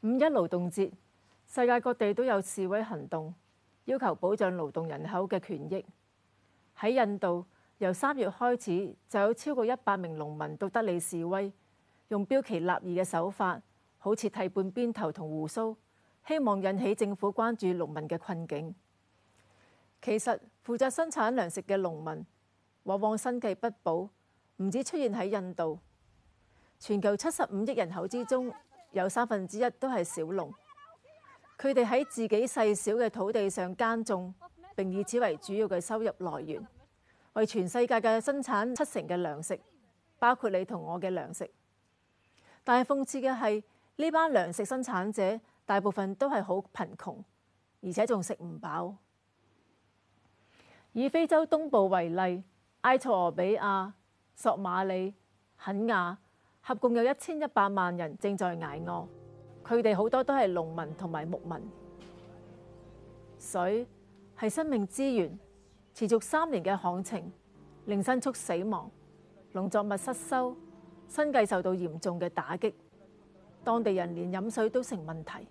五一勞動節，世界各地都有示威行動，要求保障勞動人口嘅權益。喺印度，由三月開始就有超過一百名農民到德里示威，用標奇立異嘅手法，好似剃半邊頭同鬍鬚，希望引起政府關注農民嘅困境。其實負責生產糧食嘅農民往往生計不保，唔止出現喺印度，全球七十五億人口之中有三分之一都係小農。佢哋喺自己細小嘅土地上耕種，並以此為主要嘅收入來源，為全世界嘅生產七成嘅糧食，包括你同我嘅糧食。但係諷刺嘅係，呢班糧食生產者大部分都係好貧窮，而且仲食唔飽。以非洲東部為例，埃塞俄比亞、索馬里、肯亞合共有一千一百萬人正在捱餓，呃，佢哋好多都係農民同埋牧民。水係生命資源，持續三年嘅旱情，令牲畜死亡、農作物失收、生計受到嚴重嘅打擊，當地人連飲水都成問題。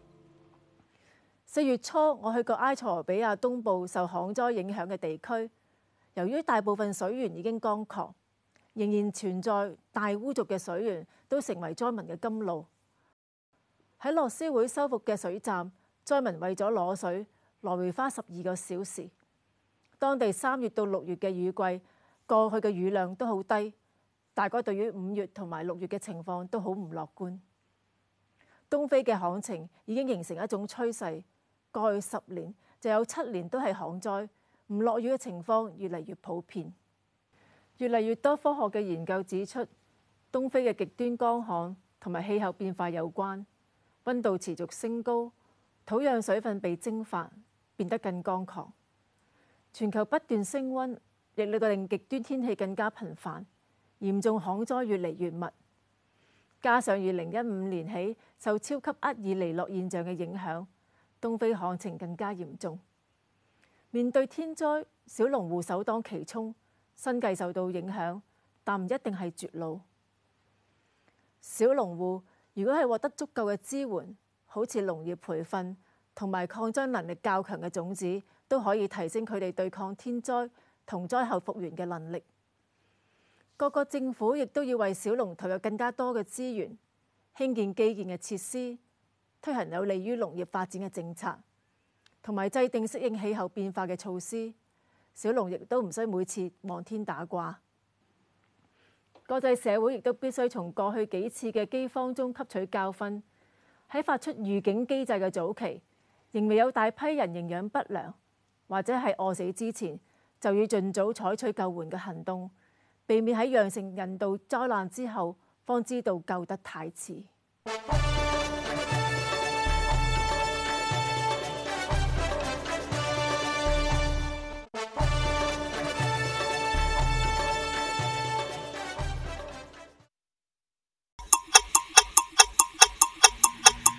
四月初我去過埃塞俄比亞東部受旱災影響嘅地區，由於大部分水源已經乾涸，仍然存在大污濁嘅水源都成為災民嘅甘露。喺樂施會修復嘅水站，災民為咗攞水，來回花十二個小時。當地三月到六月嘅雨季，過去嘅雨量都好低，大概對於五月同埋六月嘅情況都好唔樂觀。東非嘅旱情已經形成一種趨勢。過去十年就有七年都係旱災，唔落雨嘅情況越嚟越普遍。越嚟越多科學嘅研究指出，東非嘅極端乾旱同埋氣候變化有關。溫度持續升高，土壤水分被蒸發，變得更乾旱。全球不斷升溫，亦令到令極端天氣更加頻繁，嚴重旱災越嚟越密。加上二零一五年起受超級厄爾尼諾現象嘅影響。東非旱情更加嚴重，面對天災，小農戶首當其衝，生計受到影響，但唔一定係絕路。小農戶如果係獲得足夠嘅支援，好似農業培訓同埋抗災能力較強嘅種子，都可以提升佢哋對抗天災同災後復原嘅能力。各個政府亦都要為小農投入更加多嘅資源，興建基建嘅設施。推行有利於農業發展嘅政策，同埋制定適應氣候變化嘅措施，小農亦都唔需每次望天打卦。國際社會亦都必須從過去幾次嘅饑荒中吸取教訓，喺發出預警機制嘅早期，仍未有大批人營養不良或者係餓死之前，就要儘早採取救援嘅行動，避免喺釀成人道災難之後，方知道救得太遲。